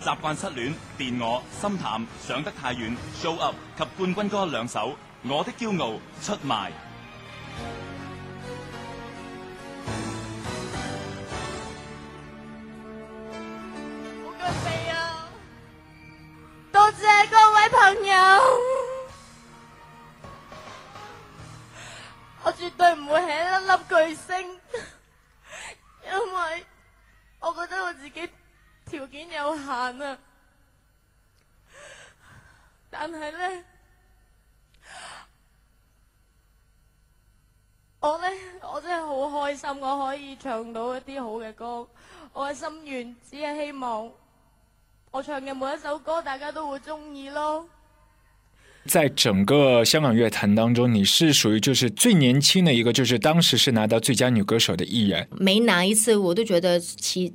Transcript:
習慣失戀，電我心淡，想得太遠。Show up 及冠軍歌兩首，我的驕傲、出賣。好勁力啊！多謝各位朋友，我絕對唔會係一粒巨星，因為我覺得我自己。條件有限啊，但係咧，我咧，我真係好開心，我可以唱到一啲好嘅歌。我嘅心願只係希望我唱嘅每一首歌，大家都會中意咯。在整個香港樂壇當中，你是屬於就是最年輕嘅一個，就是當時是拿到最佳女歌手嘅藝人。每拿一次，我都覺得其。